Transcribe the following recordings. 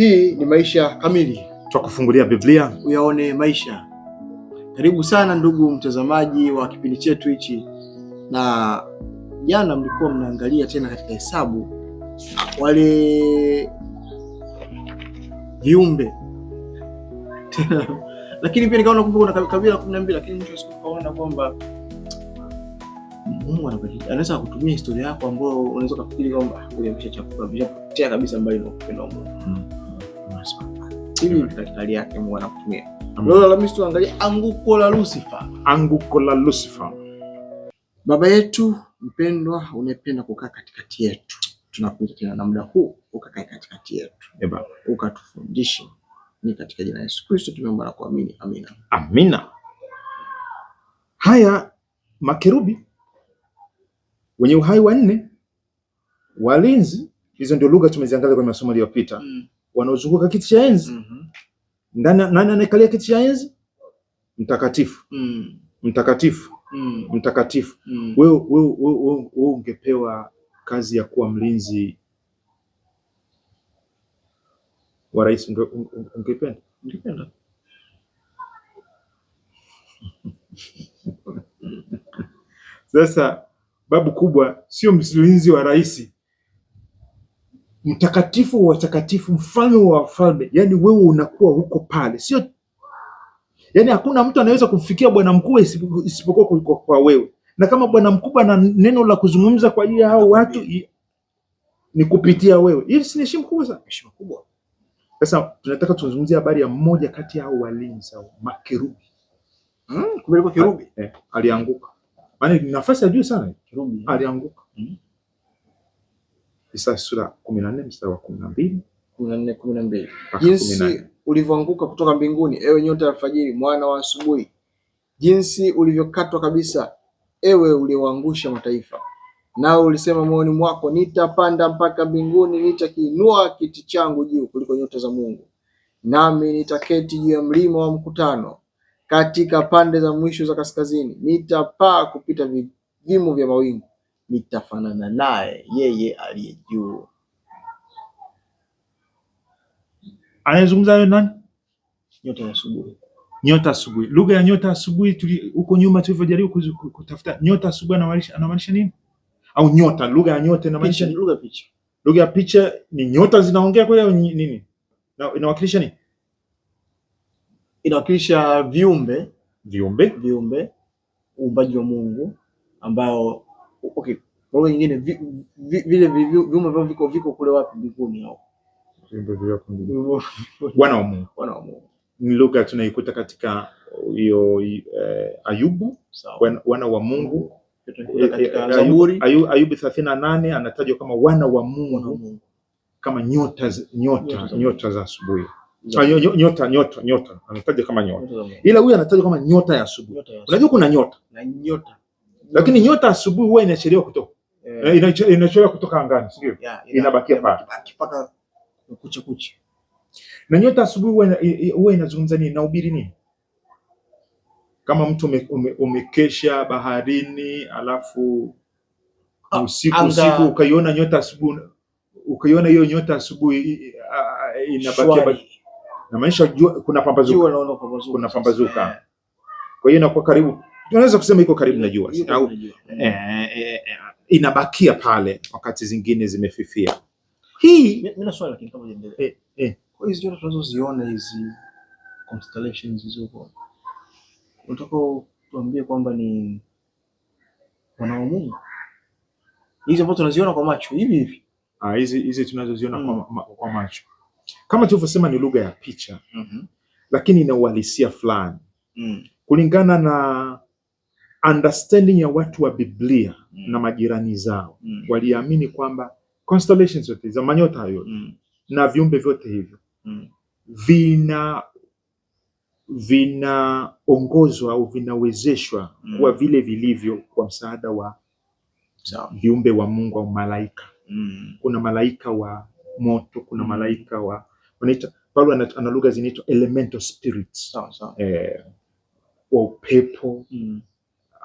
Hii ni Maisha Kamili, twakufungulia Biblia uyaone maisha. Karibu sana ndugu mtazamaji wa kipindi chetu hichi, na jana mlikuwa mnaangalia tena katika Hesabu wale viumbe lakini pia nikaona kumbe kuna kabila kumi na mbili, lakini mtu asikaona kwamba Mungu anaweza kutumia historia yako ambayo unaweza kufikiri kwamba ameshachafuka, ameshapotea kabisa mbali na upendo wa Mungu. Hmm. Hmm. daktari yake Mungu anakutumia. Hmm. Leo Alhamisi tuangalie anguko la Lucifer. Anguko la Lucifer. Baba yetu mpendwa, unapenda kukaa katikati yetu, tunakuja tena na muda huu ukakae katikati yetu ukatufundishe. Ni katika jina la Yesu Kristo tumeomba na kuamini, amina. Amina. Haya makerubi wenye uhai wanne walinzi, hizo ndio lugha tumeziangalia kwenye masomo yaliyopita. mm wanaozunguka kiti cha enzi mm -hmm. Nani anaekalia kiti cha enzi? Mtakatifu mm. mtakatifu mm. mtakatifu mm. Wewe wewe ungepewa kazi ya kuwa mlinzi wa rais, ungependa ungependa sasa babu kubwa sio mlinzi wa rais mtakatifu wa watakatifu, mfalme wa wafalme. Yani wewe unakuwa huko pale, sio yani hakuna mtu anaweza kumfikia bwana mkuu isipokuwa kwa, kwa wewe. Na kama bwana mkubwa na neno la kuzungumza kwa ajili ya hao watu ni kupitia wewe, hii si heshima kubwa sana? Heshima kubwa. Sasa tunataka tuzungumzie habari ya mmoja kati ya hao walinzi au makerubi. Hmm, kirubi eh, alianguka, maana nafasi ya juu sana, eh. alianguka Isaya sura kumi na nne mstari wa kumi na mbili kumi na nne kumi na mbili jinsi ulivyoanguka kutoka mbinguni, ewe nyota ya alfajiri, mwana wa asubuhi, jinsi ulivyokatwa kabisa, ewe ulioangusha mataifa. Nao ulisema moyoni mwako, nitapanda mpaka mbinguni, nitakiinua kiti changu juu kuliko nyota za Mungu, nami nitaketi juu ya mlima wa mkutano, katika pande za mwisho za kaskazini. Nitapaa kupita vimo vya mawingu nitafanana naye yeye aliye juu. Anayezungumza hayo nani? Nyota ya asubuhi. Nyota asubuhi, lugha ya nyota asubuhi huko nyuma tulivyojaribu kutafuta nyota asubuhi anamaanisha nini? Au nyota, lugha ya nyota inamaanisha ni lugha picha. Lugha ya picha ni nyota zinaongea kwa hiyo nini? Na inawakilisha nini? Inawakilisha viumbe, viumbe, viumbe, uumbaji wa Mungu ambao okay, kwa lugha nyingine vi, vile viumbe vyao viko viko kule wapi mbinguni au Bwana wa Mungu, Bwana wa Mungu ni lugha tunaikuta katika hiyo eh, Ayubu wana, wana wa Mungu eh, eh, Ayubu, Ayubu, Ayubu thelathini na nane anatajwa kama wana wa Mungu Mungu. kama nyota nyota nyota za asubuhi nyota nyota nyota, nyota. Anatajwa kama nyota, ila huyu anatajwa kama nyota ya asubuhi. Unajua kuna nyota na nyota lakini nyota asubuhi huwa inachelewa kutoka yeah. Eh, inachelewa kutoka angani sio? yeah, ina, inabakia pale mpaka kucha kucha. Na nyota asubuhi huwa huwa inazungumza nini, inahubiri nini? Kama mtu ume, ume, umekesha baharini alafu ah, usiku anga, usiku ukaiona nyota asubuhi ukaiona hiyo nyota asubuhi inabakia na maisha, kuna pambazuka kuna pambazuka, eh. kwa hiyo inakuwa karibu tunaweza kusema iko karibu na jua au eh, eh, eh, inabakia pale, wakati zingine zimefifia. Hii mimi na swali lakini, kama endelee eh, kwa hizo nyota tunazoziona hizi constellations hizo, kwa. unataka tuambie kwamba ni wana wa Mungu Hizo ambazo tunaziona kwa macho hivi hivi? Ah, hizi hizi tunazoziona mm, kwa, kwa macho kama tulivyosema ni lugha ya picha mm -hmm. Lakini ina uhalisia fulani mm, kulingana na understanding ya watu wa Biblia mm. na majirani zao mm. waliamini kwamba constellations zote za manyota hayo mm. na viumbe vyote hivyo mm. vina vinaongozwa au vinawezeshwa mm. kuwa vile vilivyo kwa msaada wa viumbe wa Mungu au malaika mm. kuna malaika wa moto, kuna mm. malaika wa wanaita, Paulo ana lugha zinaitwa elemental spirits, sawa sawa, eh, wa upepo mm.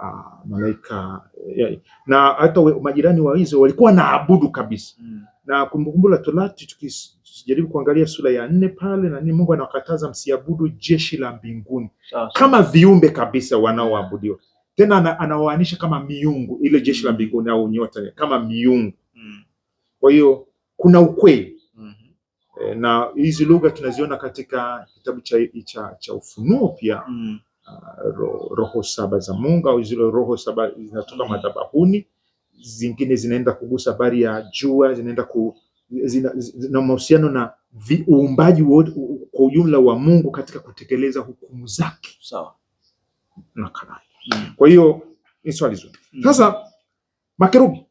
Ah, malaika yeah. Na hata majirani wa hizo walikuwa naabudu kabisa mm. Na Kumbukumbu la Torati tukijaribu kuangalia sura ya nne pale na nini, Mungu anawakataza msiabudu jeshi la mbinguni Sasa, kama viumbe kabisa wanaoabudiwa tena, anawaanisha kama miungu ile jeshi mm. la mbinguni au nyota kama miungu mm. Kwa hiyo kuna ukweli mm-hmm. eh, na hizi lugha tunaziona katika kitabu cha, cha, cha Ufunuo pia mm uh, ah, ro, roho saba za Mungu au zile roho saba zinatoka madhabahuni, zingine zinaenda kugusa bari ya jua, zinaenda ku zina, zina mahusiano na uumbaji kwa ujumla wa Mungu katika kutekeleza hukumu zake sawa na kanani. Mm. Kwa hiyo ni swali zuri. Mm. Sasa mm. makerubi,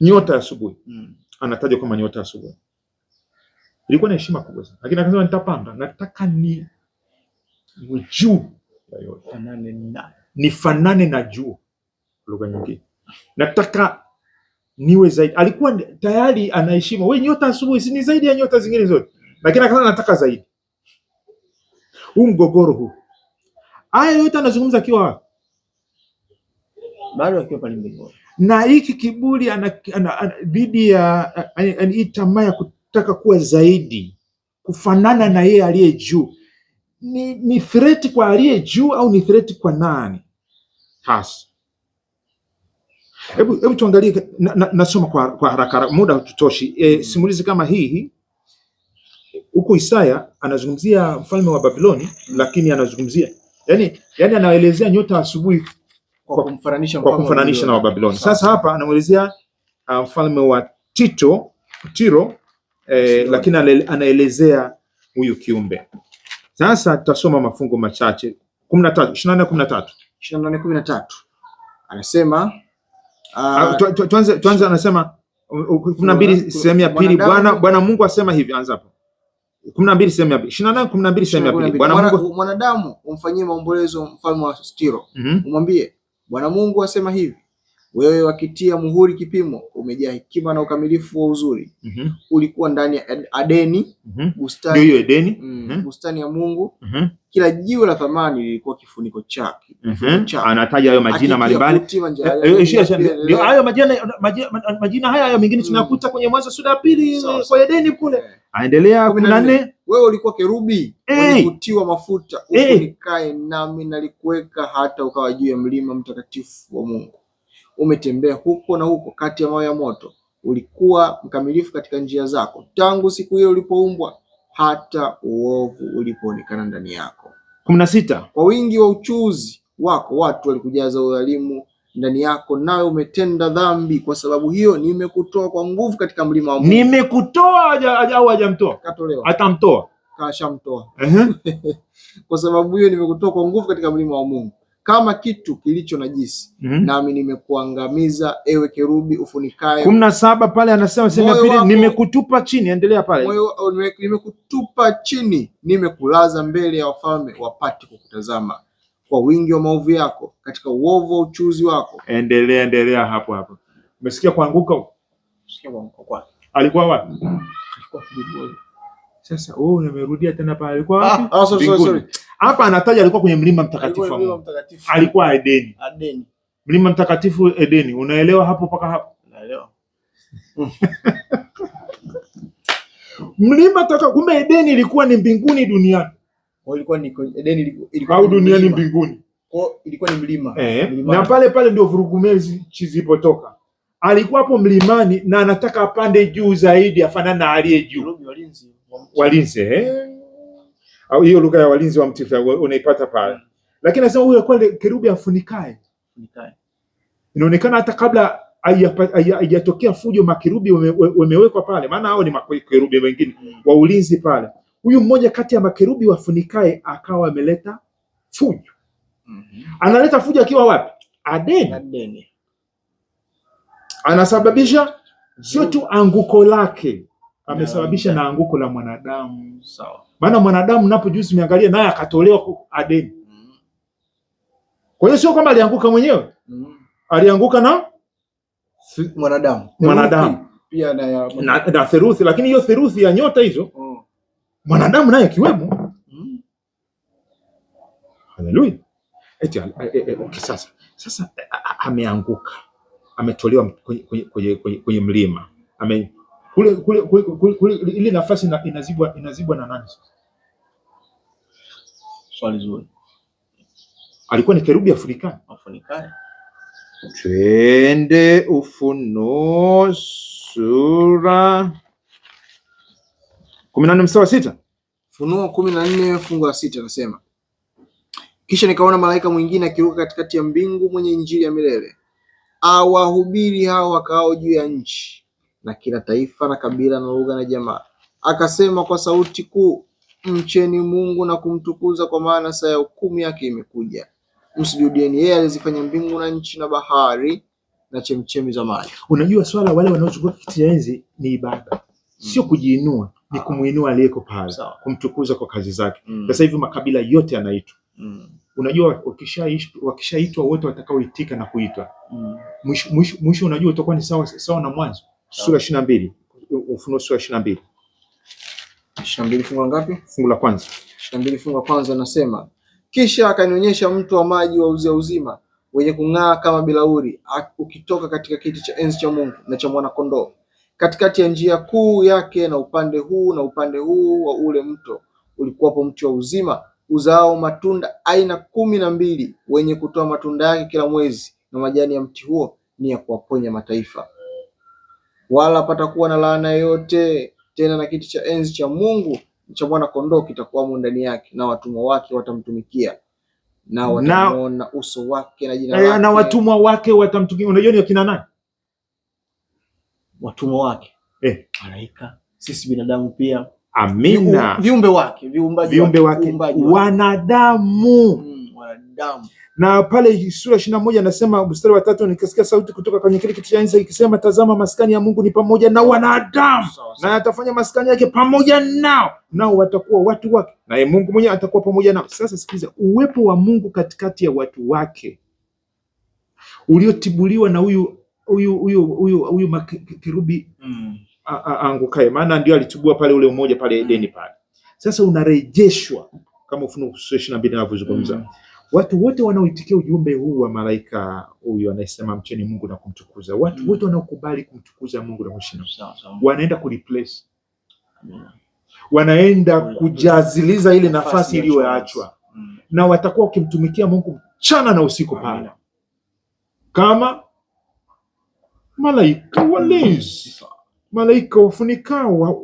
nyota ya asubuhi mm. anatajwa kama nyota ya asubuhi ilikuwa na heshima kubwa sana, lakini akasema nitapanda, nataka ni juu Fanane na, nifanane na jua, lugha nyingine. Nataka niwe zaidi. Alikuwa tayari anaheshima, we nyota asubuhi si ni zaidi ya nyota zingine zote, lakini akasema nataka zaidi. Huu mgogoro huu, haya yote anazungumza akiwa bado akiwa pale mbinguni, na hiki kiburi dhidi ya hii tamaa ya kutaka kuwa zaidi, kufanana na yeye aliye juu ni, ni threat kwa aliye juu au ni threat kwa nani hasa? Hebu hebu tuangalie, nasoma na, nasoma kwa kwa haraka, muda hututoshi E, hmm. simulizi kama hii huku Isaya anazungumzia mfalme wa Babiloni, lakini anazungumzia yani, yani anaelezea nyota asubuhi kwa kumfananisha kwa kumfananisha na Babiloni. Sasa hapa anamuelezea uh, mfalme wa Tito Tiro eh, lakini anaelezea huyu kiumbe sasa tutasoma mafungu machache kumi na tatu anasema tuanze tuanze, anasema 12 sehemu ya pili. Bwana Bwana Mungu asema hivi, anza hapo 12 sehemu ya pili, ishirini na nane kumi na mbili sehemu ya pili. Bwana Mungu, mwanadamu umfanyie maombolezo mfalme wa Tiro, mhm. umwambie Bwana Mungu asema hivi wewe wakitia muhuri kipimo, umejaa hekima na ukamilifu wa uzuri. mm -hmm. Ulikuwa ndani ya Adeni, mhm. mm -hmm. bustani, Edeni. Mm, mm -hmm. bustani ya Mungu. mm -hmm. Kila jiwe la thamani lilikuwa kifuniko chake. mm -hmm. Anataja hayo majina mbalimbali, eh, eh, hayo majina haya hayo mengine mm. tunakuta kwenye Mwanzo sura ya pili kwa Edeni kule. Eh. Aendelea kumi na nne wewe ulikuwa kerubi ulikutiwa mafuta, ukunikae nami nalikuweka hata ukawa juu ya mlima mtakatifu wa Mungu umetembea huko na huko kati ya mawe ya moto, ulikuwa mkamilifu katika njia zako tangu siku hiyo ulipoumbwa hata uovu ulipoonekana ndani yako. kumi na sita. Kwa wingi wa uchuzi wako watu walikujaza udhalimu ndani yako, nawe umetenda dhambi. Kwa sababu hiyo nimekutoa kwa nguvu katika mlima wa Mungu. Nimekutoa au hajamtoa? Katolewa, atamtoa, kashamtoa. uh -huh. Kwa sababu hiyo nimekutoa kwa nguvu katika mlima wa Mungu kama kitu kilicho najisi mm -hmm. nami nimekuangamiza ewe kerubi ufunikaye. kumi na saba pale anasema sehemu ya pili, nimekutupa chini, endelea pale. Oh, nimekutupa chini, nimekulaza mbele ya wafalme wapate kukutazama kwa wingi wa maovu yako, katika uovu wa uchuzi wako. Endelea, endelea hapo hapo. Umesikia kuanguka, umesikia kuanguka kwake, alikuwa wapi? Alikuwa Sasa oh, nimerudia tena pale, alikuwa ah, wapi? Ah, sorry, sorry, sorry. Hapa anataja alikuwa kwenye mlima mtakatifu, alikuwa Edeni. Edeni, mlima mtakatifu Edeni. Unaelewa hapo mpaka hapo? Naelewa. mlima taka, kumbe Edeni ilikuwa ni mbinguni duniani, oh, au duniani mbinguni. Oh, ilikuwa eh, ni mlima na pale pale ndio vurugumezi chizipotoka Alikuwa hapo mlimani na anataka apande juu zaidi, afanane na aliye juu, walinzi eh au hiyo lugha ya walinzi wa mti unaipata pale, mm. lakini anasema huyo kweli kerubi afunikae. Inaonekana hata kabla haijatokea fujo, makerubi wamewekwa pale, maana hao ni makerubi wengine mm. wa ulinzi pale. Huyu mmoja kati ya makerubi wafunikae akawa ameleta fujo. mm -hmm. Analeta fujo akiwa wapi? Adeni, Adeni. Anasababisha sio mm. tu anguko lake, amesababisha na anguko la mwanadamu. Sawa. Maana mwanadamu napo juzi miangalia naye akatolewa Adeni. Kwa hiyo sio kama alianguka mwenyewe. Mm-hmm. Alianguka na mwanadamu. Mwanadamu pia na ya na, na theruthi, lakini hiyo theruthi ya nyota hizo oh, mwanadamu naye kiwemo Mm. Haleluya. Eti eh, eh, eh, okay, sasa sasa ameanguka. Ametolewa kwenye kwenye kwenye mlima. Ame kule kule kule kule, kule, kule, ile nafasi na, inazibwa inazibwa na nani? Sasa Swali zuri. alikuwa ni kerubi Afrikani. Mafunikani. Twende Ufunuo sura kumi na nne mstari wa sita. Funuo kumi na nne fungu la sita nasema, kisha nikaona malaika mwingine akiruka katikati ya mbingu mwenye injili ya milele awahubiri hao wakaao juu ya nchi na kila taifa na kabila na lugha na jamaa. Akasema kwa sauti kuu, mcheni Mungu na kumtukuza, kwa maana saa ya hukumu yake imekuja. Msujudieni yeye alizifanya mbingu na nchi na bahari na chemchemi za maji. Unajua, swala wale wanaochukua kiti cha enzi ni ibada, mm. sio kujiinua, ni ah. kumuinua aliyeko pale, kumtukuza kwa kazi zake. Mm. Sasa hivi makabila yote yanaitwa mm. Unajua, wakishaitwa wote watakaoitika na kuitwa mwisho, mwisho, unajua utakuwa ni sawa sawa na mwanzo sura ishirini na mbili Ufunuo sura ishirini na mbili ishirini na mbili fungu la ngapi? Fungu la kwanza. ishirini na mbili fungu la kwanza nasema, kisha akanionyesha mto wa maji wa uzia uzima wenye kung'aa kama bilauri ukitoka katika kiti cha enzi cha Mungu na cha mwanakondoo katikati ya njia kuu yake na upande huu na upande huu wa ule mto ulikuwapo mti wa uzima uzao matunda aina kumi na mbili wenye kutoa matunda yake kila mwezi, na majani ya mti huo ni ya kuwaponya mataifa wala patakuwa na laana yoyote tena, na kiti cha enzi cha Mungu cha mwana kondoo kitakuwamo ndani yake, na watumwa wake watamtumikia na watamuona uso wake na jina eh, lake, na watumwa wake watamtumikia. Unajua ni akina nani watumwa wake? Eh, malaika, sisi binadamu pia. Amina, viumbe wake, viumbaji, wake, wanadamu, mm, wanadamu na pale sura ishirini na moja anasema mstari wa tatu, nikasikia sauti kutoka kwenye kile kiti cha enzi ikisema, tazama maskani ya Mungu ni pamoja na wanadamu na atafanya maskani yake pamoja nao, nao watakuwa watu wake, naye Mungu mwenyewe atakuwa pamoja nao. Sasa sikiliza, uwepo wa Mungu katikati ya watu wake uliotibuliwa na huyu huyu huyu huyu huyu makerubi mm. angukae maana ndio alitubua pale ule umoja pale Edeni pale. Sasa unarejeshwa kama Ufunuo sura ishirini na mbili anavyozungumza mm. Watu wote wanaoitikia ujumbe huu wa malaika huyu anayesema mcheni Mungu na kumtukuza, watu mm. wote wanaokubali kumtukuza Mungu na kumshinda wanaenda replace, wanaenda kujaziliza ile nafasi iliyoachwa mm. na watakuwa wakimtumikia Mungu mchana na usiku pale kama malaika walezi, mm. malaika wafunikao wa,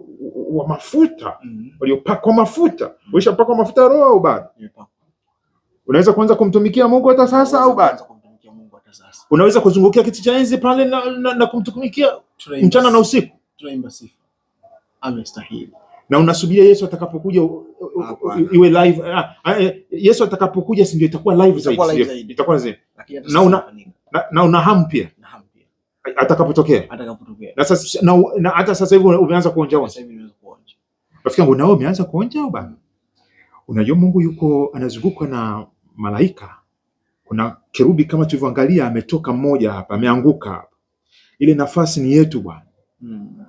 wa mafuta mm. waliopakwa mafuta mm. waishapakwa mafuta roho bado Unaweza kuanza kumtumikia Mungu hata sasa au bado? Unaweza kuzungukia kiti cha enzi pale na, na, na kumtumikia mchana na usiku. Tunaimba sifa. Amestahili. Na unasubiria Yesu atakapokuja iwe live. Ah, ah, eh, Yesu atakapokuja si ndio itakuwa live zaidi. Itakuwa zaidi. Na una na una hamu pia. Atakapotokea. Atakapotokea. Na sasa na hata sasa hivi umeanza kuonja wapi? Sasa hivi umeanza kuonja. Rafiki yangu nao umeanza kuonja au bado? Mm. Unajua Mungu yuko anazunguka na malaika. Kuna kerubi kama tulivyoangalia, ametoka mmoja hapa, ameanguka hapa. Ile nafasi ni yetu Bwana, hmm.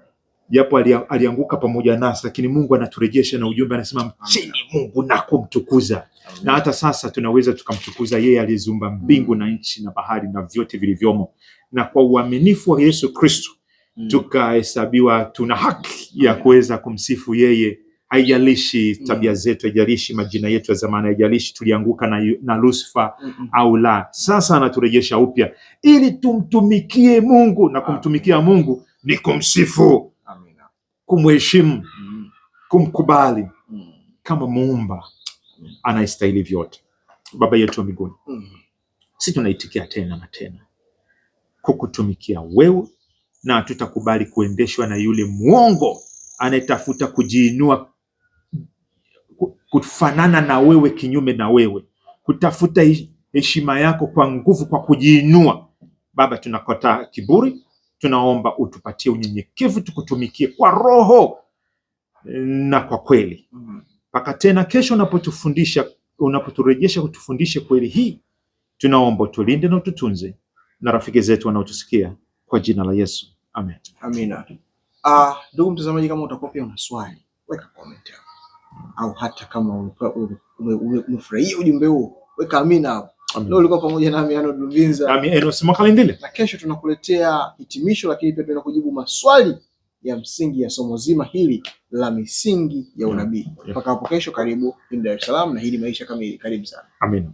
japo hmm, alianguka pamoja nasi, lakini Mungu anaturejesha na ujumbe anasema, mchini Mungu na kumtukuza na hata sasa tunaweza tukamtukuza yeye aliyeziumba hmm. mbingu mm. na nchi na bahari na vyote vilivyomo, na kwa uaminifu wa Yesu Kristo mm. tukahesabiwa tuna haki ya kuweza kumsifu yeye haijalishi mm-hmm. tabia zetu, haijalishi majina yetu ya zamani, haijalishi tulianguka na, na Lucifer mm -hmm. au la. Sasa anaturejesha upya ili tumtumikie Mungu, na kumtumikia Mungu ni kumsifu, kumheshimu mm -hmm. kumkubali mm -hmm. kama muumba anayestahili vyote. Baba yetu wa mbinguni mm -hmm. si tunaitikia tena na tena kukutumikia wewe, na tutakubali kuendeshwa na yule mwongo anayetafuta kujiinua kufanana na wewe, kinyume na wewe, kutafuta heshima yako kwa nguvu, kwa kujiinua. Baba, tunakataa kiburi, tunaomba utupatie unyenyekevu, tukutumikie kwa roho mm, na kwa kweli, mm-hmm. mpaka tena kesho unapotufundisha, unapoturejesha kutufundisha kweli hii, tunaomba utulinde na ututunze na rafiki zetu wanaotusikia kwa jina la Yesu, amen. Amina. Ah, ndugu mtazamaji, kama utakuwa pia una swali, weka comment au hata kama umefurahia ujumbe huo weka amina hapo. Leo ulikuwa pamoja nami Arnold Lubinza, nami Eros Makalindile, na kesho tunakuletea hitimisho, lakini pia tunaenda kujibu maswali ya msingi ya somo zima hili la misingi ya mm. unabii. Mpaka hapo kesho, karibu Dar es Salaam, na hii ni Maisha Kamili. Karibu sana, amina.